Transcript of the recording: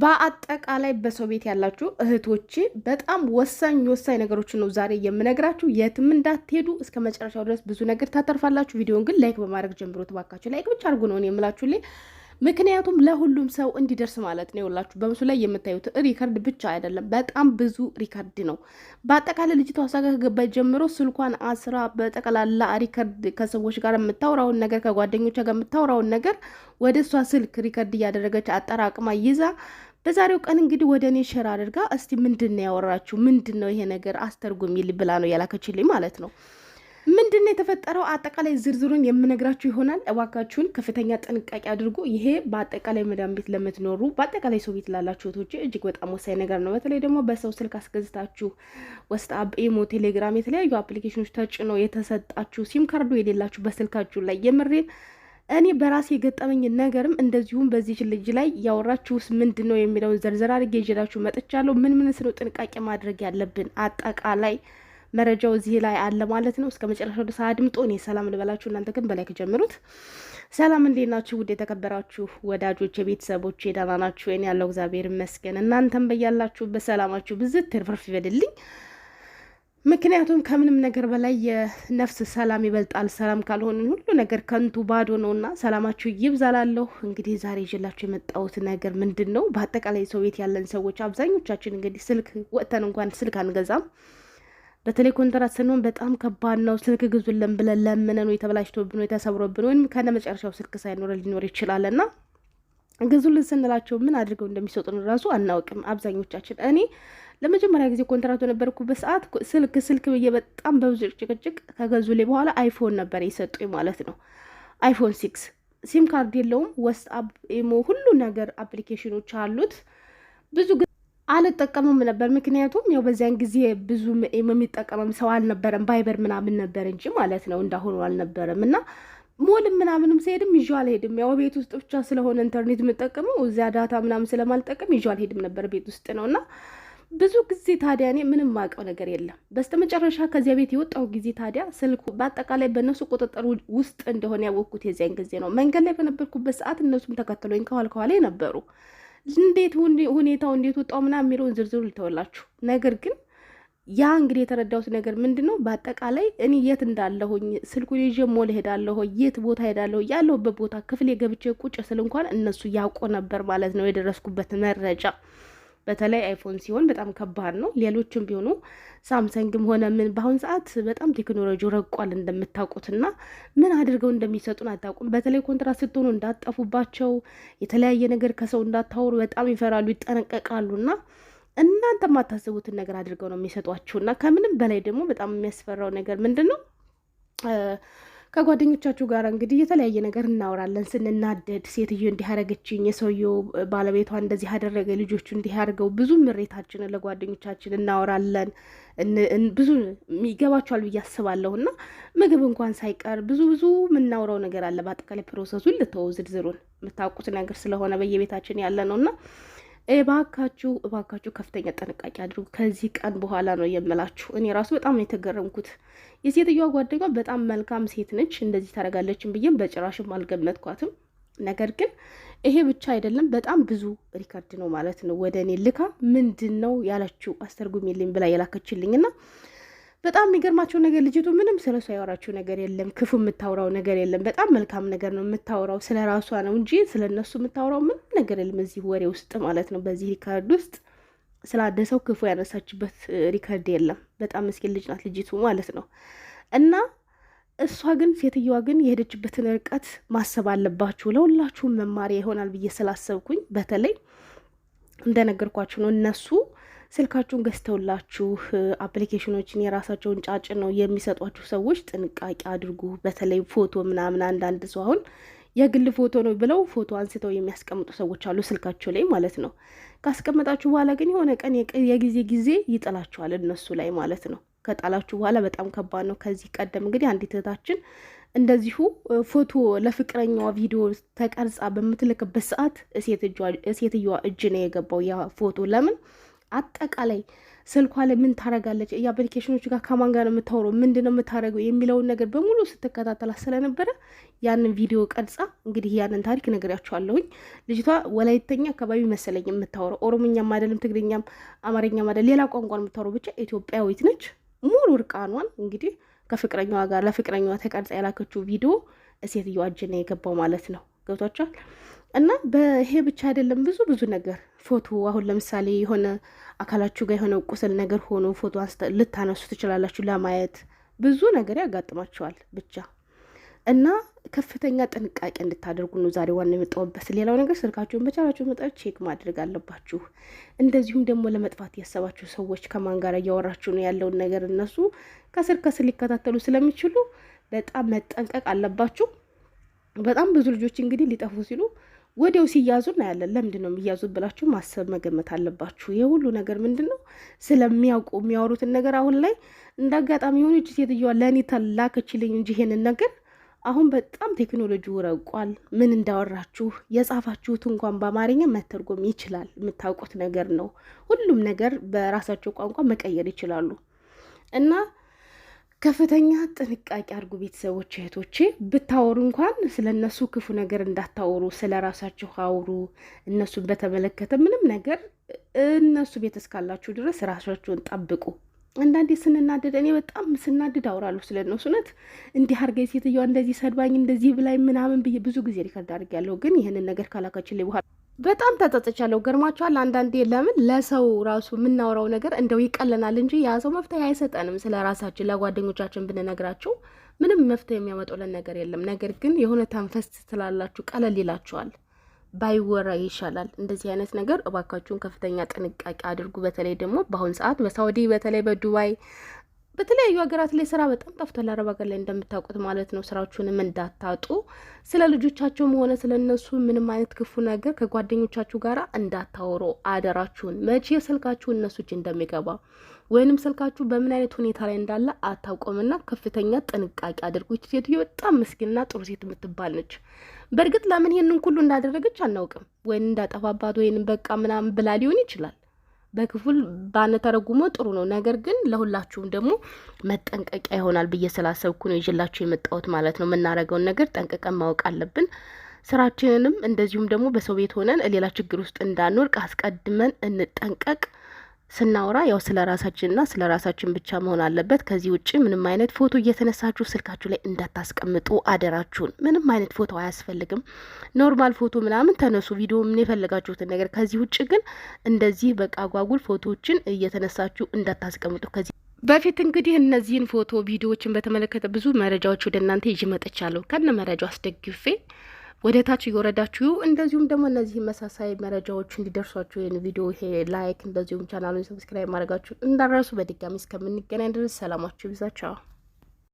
በአጠቃላይ በሰው ቤት ያላችሁ እህቶች በጣም ወሳኝ ወሳኝ ነገሮችን ነው ዛሬ የምነግራችሁ። የትም እንዳትሄዱ እስከ መጨረሻው ድረስ ብዙ ነገር ታተርፋላችሁ። ቪዲዮን ግን ላይክ በማድረግ ጀምሮ ትባካችሁ። ላይክ ብቻ አድርጉ ነው የምላችሁልኝ። ምክንያቱም ለሁሉም ሰው እንዲደርስ ማለት ነው። ይኸውላችሁ በምስሉ ላይ የምታዩት ሪከርድ ብቻ አይደለም፣ በጣም ብዙ ሪከርድ ነው። በአጠቃላይ ልጅቷ እሷ ጋር ከገባች ጀምሮ ስልኳን አስራ በጠቅላላ ሪከርድ ከሰዎች ጋር የምታውራውን ነገር፣ ከጓደኞቿ ጋር የምታውራውን ነገር ወደ እሷ ስልክ ሪከርድ እያደረገች አጠራቅማ ይዛ በዛሬው ቀን እንግዲህ ወደ እኔ ሸር አድርጋ እስቲ ምንድን ነው ያወራችሁ? ምንድን ነው ይሄ ነገር አስተርጉሚል ብላ ነው ያላከችልኝ ማለት ነው። ምንድን ነው የተፈጠረው? አጠቃላይ ዝርዝሩን የምነግራችሁ ይሆናል። እባካችሁን ከፍተኛ ጥንቃቄ አድርጉ። ይሄ በአጠቃላይ መዳም ቤት ለምትኖሩ በአጠቃላይ ሰው ቤት ላላችሁ እህቶች እጅግ በጣም ወሳኝ ነገር ነው። በተለይ ደግሞ በሰው ስልክ አስገዝታችሁ ዋትስአፕ፣ ኢሞ፣ ቴሌግራም የተለያዩ አፕሊኬሽኖች ተጭኖ የተሰጣችሁ ሲም ካርዱ የሌላችሁ በስልካችሁ ላይ የምሬን እኔ በራሴ የገጠመኝ ነገርም እንደዚሁም በዚህ ልጅ ላይ ያወራችሁስ ምንድን ነው የሚለውን ዘርዘር አድርጌ ይዤላችሁ መጥቻለሁ። ምን ምን ስለው ጥንቃቄ ማድረግ ያለብን አጠቃላይ መረጃው እዚህ ላይ አለ ማለት ነው። እስከ መጨረሻ ድረስ አድምጦ እኔ ሰላም ልበላችሁ፣ እናንተ ግን በላይ ከጀምሩት። ሰላም እንዴት ናችሁ? ውድ የተከበራችሁ ወዳጆች፣ የቤተሰቦች ደህና ናችሁ? እኔ ያለው እግዚአብሔር ይመስገን። እናንተም በያላችሁ በሰላማችሁ ብዝት ትርፍርፍ ይበድልኝ። ምክንያቱም ከምንም ነገር በላይ የነፍስ ሰላም ይበልጣል። ሰላም ካልሆንን ሁሉ ነገር ከንቱ ባዶ ነውና ሰላማችሁ ይብዛላለሁ። እንግዲህ ዛሬ ይዤላችሁ የመጣሁት ነገር ምንድን ነው? በአጠቃላይ ሰው ቤት ያለን ሰዎች አብዛኞቻችን እንግዲህ ስልክ ወጥተን እንኳን ስልክ አንገዛም በተለይ ኮንትራት ስንሆን በጣም ከባድ ነው። ስልክ ግዙልን ብለን ለምነን ወይ ተበላሽቶብን ወይ ተሰብሮብን ወይም ከነ መጨረሻው ስልክ ሳይኖረ ሊኖር ይችላል እና ግዙልን ስንላቸው ምን አድርገው እንደሚሰጡን ራሱ አናውቅም። አብዛኞቻችን እኔ ለመጀመሪያ ጊዜ ኮንትራት በነበርኩበት ሰዓት ስልክ ስልክ ብዬ በጣም በብዙ ጭቅጭቅ ከገዙልኝ በኋላ አይፎን ነበር የሰጡኝ ማለት ነው። አይፎን ሲክስ ሲም ካርድ የለውም። ወስጥ ኢሞ ሁሉ ነገር አፕሊኬሽኖች አሉት ብዙ አልጠቀምም ነበር። ምክንያቱም ያው በዚያን ጊዜ ብዙ የሚጠቀመም ሰው አልነበረም። ቫይበር ምናምን ነበር እንጂ ማለት ነው እንዳሁኑ አልነበረም እና ሞልም ምናምንም ስሄድም ይዤው አልሄድም። ያው ቤት ውስጥ ብቻ ስለሆነ ኢንተርኔት የምጠቀመው እዚያ ዳታ ምናምን ስለማልጠቀም ይዤው አልሄድም ነበር ቤት ውስጥ ነው እና ብዙ ጊዜ ታዲያ እኔ ምንም ማውቀው ነገር የለም። በስተመጨረሻ ከዚያ ቤት የወጣው ጊዜ ታዲያ ስልኩ በአጠቃላይ በእነሱ ቁጥጥር ውስጥ እንደሆነ ያወቅኩት የዚያን ጊዜ ነው። መንገድ ላይ በነበርኩበት ሰዓት እነሱም ተከትሎኝ ከኋላ ከኋላ ነበሩ። እንዴት ሁኔታው እንዴት ወጣው ምናምን የሚለውን ዝርዝሩ ልተወላችሁ። ነገር ግን ያ እንግዲህ የተረዳሁት ነገር ምንድን ነው፣ በአጠቃላይ እኔ የት እንዳለሁኝ ስልኩን ይዤ ሞል የት ቦታ ሄዳለሁ፣ ያለሁበት ቦታ ክፍሌ ገብቼ ቁጭ ስል እንኳን እነሱ ያውቁ ነበር ማለት ነው የደረስኩበት መረጃ በተለይ አይፎን ሲሆን በጣም ከባድ ነው። ሌሎችም ቢሆኑ ሳምሰንግም ሆነ ምን በአሁን ሰዓት በጣም ቴክኖሎጂ ረቋል እንደምታውቁትና ምን አድርገው እንደሚሰጡን አታውቁም። በተለይ ኮንትራት ስትሆኑ እንዳጠፉባቸው የተለያየ ነገር ከሰው እንዳታወሩ በጣም ይፈራሉ፣ ይጠነቀቃሉና እናንተ የማታስቡትን ነገር አድርገው ነው እና ከምንም በላይ ደግሞ በጣም የሚያስፈራው ነገር ምንድን ነው? ከጓደኞቻችሁ ጋር እንግዲህ የተለያየ ነገር እናወራለን ስንናደድ፣ ሴትዮ እንዲህ አደረገችኝ፣ የሰውየው ባለቤቷ እንደዚህ ያደረገ ልጆቹ እንዲህ አድርገው፣ ብዙ ምሬታችንን ለጓደኞቻችን እናወራለን። ብዙ ይገባችኋል ብዬ አስባለሁ። እና ምግብ እንኳን ሳይቀር ብዙ ብዙ የምናውረው ነገር አለ። በአጠቃላይ ፕሮሰሱን ልተወው ዝርዝሩን የምታውቁት ነገር ስለሆነ በየቤታችን ያለ ነው እና እባካችሁ እባካችሁ ከፍተኛ ጥንቃቄ አድርጉ። ከዚህ ቀን በኋላ ነው የምላችሁ። እኔ ራሱ በጣም ነው የተገረምኩት። የሴትዮዋ ጓደኛ በጣም መልካም ሴት ነች፣ እንደዚህ ታደርጋለችን ብዬም በጭራሽም አልገመትኳትም። ነገር ግን ይሄ ብቻ አይደለም፣ በጣም ብዙ ሪከርድ ነው ማለት ነው ወደ እኔ ልካ ምንድን ነው ያለችው አስተርጉሚልኝ ብላ የላከችልኝና በጣም የሚገርማቸው ነገር ልጅቱ ምንም ስለ እሱ ያወራችው ነገር የለም። ክፉ የምታወራው ነገር የለም። በጣም መልካም ነገር ነው የምታወራው። ስለ ራሷ ነው እንጂ ስለ እነሱ የምታወራው ምንም ነገር የለም። እዚህ ወሬ ውስጥ ማለት ነው፣ በዚህ ሪካርድ ውስጥ ስላደሰው ክፉ ያነሳችበት ሪካርድ የለም። በጣም ምስኪን ልጅ ናት ልጅቱ ማለት ነው። እና እሷ ግን ሴትዮዋ ግን የሄደችበትን ርቀት ማሰብ አለባችሁ። ለሁላችሁም መማሪያ ይሆናል ብዬ ስላሰብኩኝ በተለይ እንደነገርኳችሁ ነው እነሱ ስልካችሁን ገዝተውላችሁ አፕሊኬሽኖችን የራሳቸውን ጫጭ ነው የሚሰጧችሁ ሰዎች ጥንቃቄ አድርጉ። በተለይ ፎቶ ምናምን አንዳንድ ሰው አሁን የግል ፎቶ ነው ብለው ፎቶ አንስተው የሚያስቀምጡ ሰዎች አሉ ስልካቸው ላይ ማለት ነው። ካስቀመጣችሁ በኋላ ግን የሆነ ቀን የጊዜ ጊዜ ይጥላችኋል እነሱ ላይ ማለት ነው። ከጣላችሁ በኋላ በጣም ከባድ ነው። ከዚህ ቀደም እንግዲህ አንዲት እህታችን እንደዚሁ ፎቶ ለፍቅረኛዋ ቪዲዮ ተቀርጻ በምትልክበት ሰዓት ሴትዮዋ እጅ ነው የገባው ያ ፎቶ ለምን አጠቃላይ ስልኳ ላይ ምን ታደርጋለች፣ የአፕሊኬሽኖች ጋር ከማን ጋር ነው የምታወረው፣ ምንድን ነው የምታደርገው የሚለውን ነገር በሙሉ ስትከታተላት ስለነበረ ያንን ቪዲዮ ቀርጻ እንግዲህ ያንን ታሪክ ነግሬያቸዋለሁኝ። ልጅቷ ወላይተኛ አካባቢ መሰለኝ የምታወረው፣ ኦሮምኛም አይደለም ትግርኛም አማርኛም አይደለም ሌላ ቋንቋ የምታወረው፣ ብቻ ኢትዮጵያዊት ነች። ሙሉ እርቃኗን እንግዲህ ከፍቅረኛዋ ጋር ለፍቅረኛዋ ተቀርጻ የላከችው ቪዲዮ ሴትዮዋ እጅ ነው የገባው ማለት ነው። ገብቷቸዋል። እና በይሄ ብቻ አይደለም ብዙ ብዙ ነገር ፎቶ አሁን ለምሳሌ የሆነ አካላችሁ ጋር የሆነ ቁስል ነገር ሆኖ ፎቶ ልታነሱ ትችላላችሁ። ለማየት ብዙ ነገር ያጋጥማችኋል። ብቻ እና ከፍተኛ ጥንቃቄ እንድታደርጉ ነው ዛሬ ዋና የመጣሁበት። ሌላው ነገር ስልካችሁን በቻላችሁ መጠን ቼክ ማድረግ አለባችሁ። እንደዚሁም ደግሞ ለመጥፋት ያሰባችሁ ሰዎች ከማን ጋር እያወራችሁ ነው ያለውን ነገር እነሱ ከስር ከስር ሊከታተሉ ስለሚችሉ በጣም መጠንቀቅ አለባችሁ። በጣም ብዙ ልጆች እንግዲህ ሊጠፉ ሲሉ ወዲያው ሲያዙ እናያለን። ለምንድን ነው የሚያዙት ብላችሁ ማሰብ መገመት አለባችሁ። የሁሉ ነገር ምንድን ነው ስለሚያውቁ የሚያወሩትን ነገር አሁን ላይ እንደ አጋጣሚ የሆኑ እጅ ሴትዮዋ ለእኔ ተላከችልኝ እንጂ ይሄንን ነገር አሁን በጣም ቴክኖሎጂ ረቋል። ምን እንዳወራችሁ የጻፋችሁት እንኳን በአማርኛ መተርጎም ይችላል። የምታውቁት ነገር ነው። ሁሉም ነገር በራሳቸው ቋንቋ መቀየር ይችላሉ እና ከፍተኛ ጥንቃቄ አድርጉ ቤተሰቦች፣ እህቶቼ ብታወሩ እንኳን ስለ እነሱ ክፉ ነገር እንዳታወሩ፣ ስለ ራሳችሁ አውሩ። እነሱን በተመለከተ ምንም ነገር እነሱ ቤት እስካላችሁ ድረስ ራሳችሁን ጠብቁ። አንዳንዴ ስንናደድ እኔ በጣም ስናድድ አውራለሁ ስለ እነሱ። እውነት እንዲህ አድርገኝ፣ ሴትዮዋ እንደዚህ ሰድባኝ፣ እንደዚህ ብላኝ ምናምን ብዬ ብዙ ጊዜ ሪከርድ አድርጌያለሁ። ግን ይህንን ነገር ካላካችን ላይ በኋላ በጣም ተጸጽቻለሁ። ገርማችኋል? አንዳንዴ ለምን ለሰው ራሱ የምናወራው ነገር እንደው ይቀለናል እንጂ ያ ሰው መፍትሄ አይሰጠንም። ስለ ራሳችን ለጓደኞቻችን ብንነግራቸው ምንም መፍትሄ የሚያመጡልን ነገር የለም። ነገር ግን የሆነ ተንፈስ ስላላችሁ ቀለል ይላችኋል። ባይወራ ይሻላል። እንደዚህ አይነት ነገር እባካችሁን ከፍተኛ ጥንቃቄ አድርጉ። በተለይ ደግሞ በአሁኑ ሰዓት በሳውዲ በተለይ በዱባይ በተለያዩ ሀገራት ላይ ስራ በጣም ጠፍቷል። አረብ ሀገር ላይ እንደምታውቁት ማለት ነው። ስራችሁንም እንዳታጡ ስለ ልጆቻቸውም ሆነ ስለ እነሱ ምንም አይነት ክፉ ነገር ከጓደኞቻችሁ ጋር እንዳታወሩ አደራችሁን። መቼ ስልካችሁ እነሱ እጅ እንደሚገባ ወይንም ስልካችሁ በምን አይነት ሁኔታ ላይ እንዳለ አታውቁምና ከፍተኛ ጥንቃቄ አድርጉ። ይች ሴትዮ በጣም ምስኪንና ጥሩ ሴት የምትባል ነች። በእርግጥ ለምን ይህንን ሁሉ እንዳደረገች አናውቅም። ወይን እንዳጠፋባት ወይንም በቃ ምናምን ብላ ሊሆን ይችላል በክፉል ባነተረጉሞ ጥሩ ነው። ነገር ግን ለሁላችሁም ደግሞ መጠንቀቂያ ይሆናል ብዬ ስላሰብኩ ነው ይዤላችሁ የመጣሁት ማለት ነው። የምናደርገውን ነገር ጠንቅቀን ማወቅ አለብን። ስራችንንም እንደዚሁም ደግሞ በሰው ቤት ሆነን ሌላ ችግር ውስጥ እንዳንወርቅ አስቀድመን እንጠንቀቅ። ስናወራ ያው ስለ ራሳችንና ስለ ራሳችን ብቻ መሆን አለበት። ከዚህ ውጭ ምንም አይነት ፎቶ እየተነሳችሁ ስልካችሁ ላይ እንዳታስቀምጡ አደራችሁን። ምንም አይነት ፎቶ አያስፈልግም። ኖርማል ፎቶ ምናምን ተነሱ፣ ቪዲዮ ምን የፈለጋችሁትን ነገር። ከዚህ ውጭ ግን እንደዚህ በቃ አጓጉል ፎቶዎችን እየተነሳችሁ እንዳታስቀምጡ። ከዚህ በፊት እንግዲህ እነዚህን ፎቶ ቪዲዮዎችን በተመለከተ ብዙ መረጃዎች ወደ እናንተ ይዤ መጥቻለሁ። ከነ መረጃው አስደግፌ ወደ ታች እየወረዳችሁ እንደዚሁም ደግሞ እነዚህ መሳሳይ መረጃዎች እንዲደርሷችሁ ይህን ቪዲዮ ይሄ ላይክ እንደዚሁም ቻናሉን ሰብስክራይብ ማድረጋችሁ እንዳረሱ በድጋሚ እስከምንገናኝ ድረስ ሰላማችሁ ይብዛቸው።